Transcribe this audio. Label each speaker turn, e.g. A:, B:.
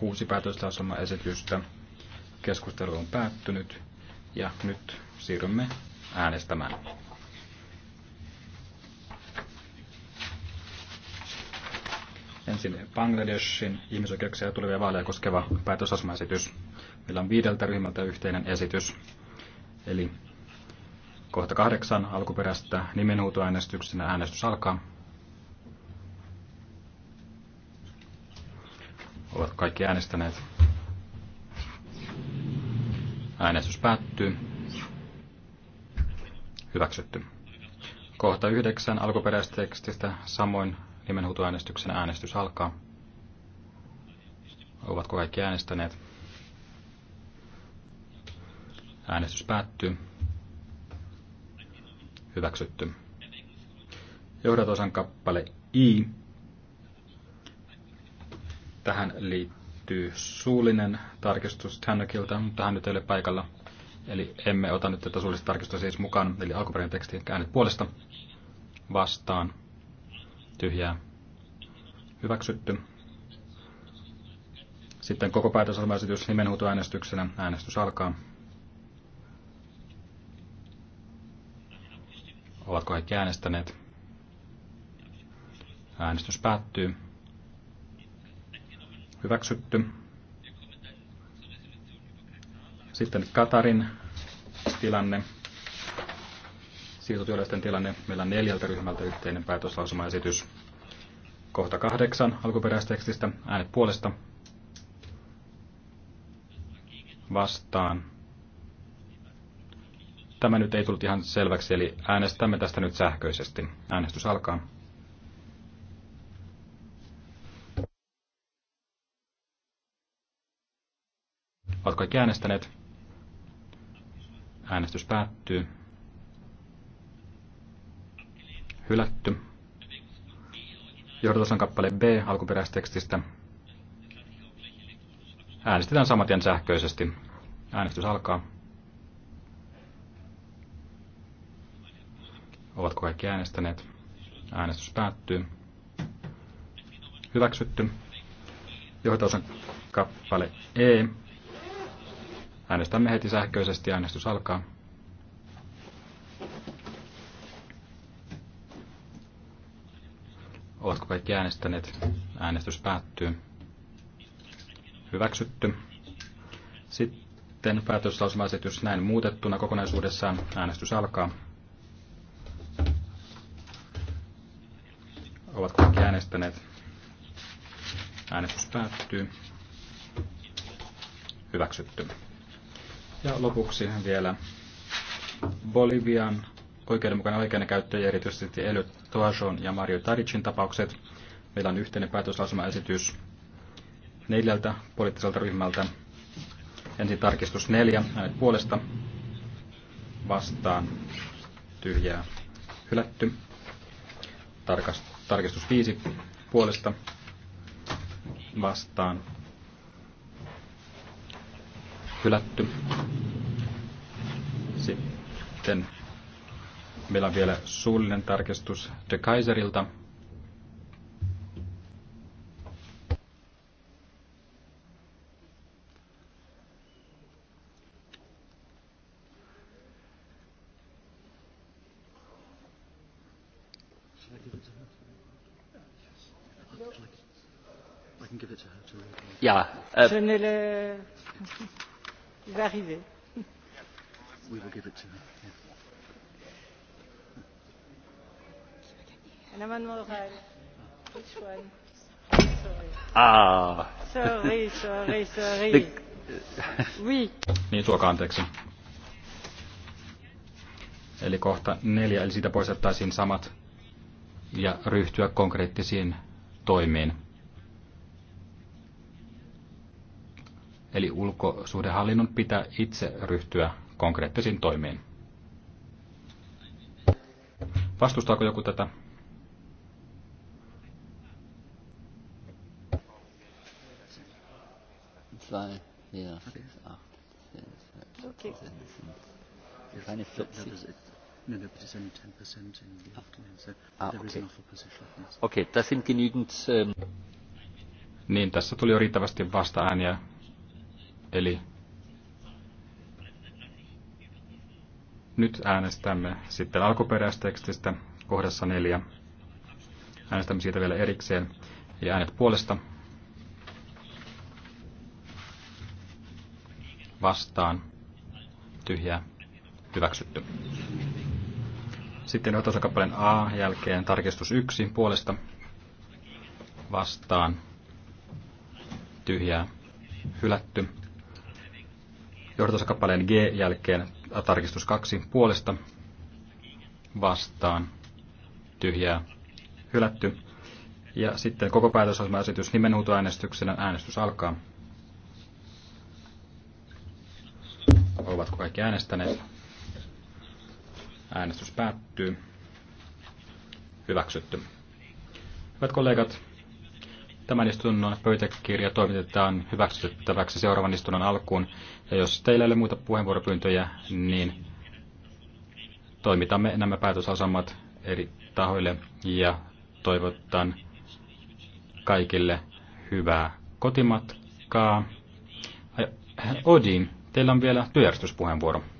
A: kuusi esitystä. Keskustelu on päättynyt ja nyt siirrymme äänestämään. Ensin Bangladeshin ihmisoikeuksia tulevia vaaleja koskeva päätösasmaesitys. Meillä on viideltä ryhmältä yhteinen esitys. Eli kohta kahdeksan alkuperäistä nimenhuutoäänestyksenä äänestys alkaa. Ovat kaikki äänestäneet. Äänestys päättyy. Hyväksytty. Kohta yhdeksän alkuperäistekstistä samoin nimenhuutoäänestyksen äänestys alkaa. Ovatko kaikki äänestäneet? Äänestys päättyy. Hyväksytty. Johdatosan kappale I Tähän liittyy suullinen tarkistus Tannakilta, mutta hän nyt ei ole paikalla. Eli emme ota nyt tätä suullista tarkistusta siis mukaan, eli alkuperäinen teksti äänet puolesta vastaan tyhjää hyväksytty. Sitten koko päätösalmaesitys nimenhuutoäänestyksenä. Äänestys alkaa. Ovatko kaikki äänestäneet? Äänestys päättyy. Hyväksytty. Sitten Katarin tilanne, siirtotyöläisten tilanne. Meillä on neljältä ryhmältä yhteinen päätöslausumaesitys. Kohta kahdeksan alkuperäistekstistä. Äänet puolesta. Vastaan. Tämä nyt ei tullut ihan selväksi, eli äänestämme tästä nyt sähköisesti. Äänestys alkaa. Ovatko kaikki äänestäneet? Äänestys päättyy. Hylätty. Johdatus on kappale B alkuperäistekstistä. Äänestetään samatien sähköisesti. Äänestys alkaa. Ovatko kaikki äänestäneet? Äänestys päättyy. Hyväksytty. Johdatus on kappale E Äänestämme heti sähköisesti. Äänestys alkaa. Ovatko kaikki äänestäneet? Äänestys päättyy. Hyväksytty. Sitten päätöslausumaesitys näin muutettuna kokonaisuudessaan. Äänestys alkaa. Ovatko kaikki äänestäneet. Äänestys päättyy. Hyväksytty. Ja lopuksi vielä Bolivian oikeudenmukainen oikeudenkäyttö ja erityisesti Elio Toajon ja Mario Taricin tapaukset. Meillä on yhteinen päätöslausumaesitys neljältä poliittiselta ryhmältä. Ensin tarkistus neljä, hänet puolesta vastaan tyhjää hylätty. Tarkastus, tarkistus viisi puolesta vastaan hylätty. Sitten meillä on vielä suullinen tarkistus De Kaiserilta. Ja, äh, An amendment oral. Which one? Ah. Sorry, sorry, sorry. Oui. Niin, suokaa anteeksi. Eli kohta neljä, eli siitä poistettaisiin samat ja ryhtyä konkreettisiin toimiin. Eli ulkosuhdehallinnon pitää itse ryhtyä konkreettisiin toimiin. Vastustaako joku tätä? Okei, okay, das Niin, tässä tuli jo riittävästi vasta-ääniä Eli nyt äänestämme sitten alkuperäistekstistä kohdassa neljä. Äänestämme siitä vielä erikseen. Eli äänet puolesta vastaan tyhjää hyväksytty. Sitten johtosakappaleen A jälkeen tarkistus 1 puolesta vastaan tyhjää hylätty. Johdatusosakappaleen G jälkeen tarkistus 2 puolesta vastaan tyhjää hylätty. Ja sitten koko päätösosma-esitys nimenhuutoäänestyksenä äänestys alkaa. Ovatko kaikki äänestäneet? Äänestys päättyy. Hyväksytty. Hyvät kollegat, Tämän istunnon pöytäkirja toimitetaan hyväksyttäväksi seuraavan istunnon alkuun. Ja jos teillä ei ole muita puheenvuoropyyntöjä, niin toimitamme nämä päätösasemat eri tahoille ja toivotan kaikille hyvää kotimatkaa. Odin, teillä on vielä työjärjestyspuheenvuoro.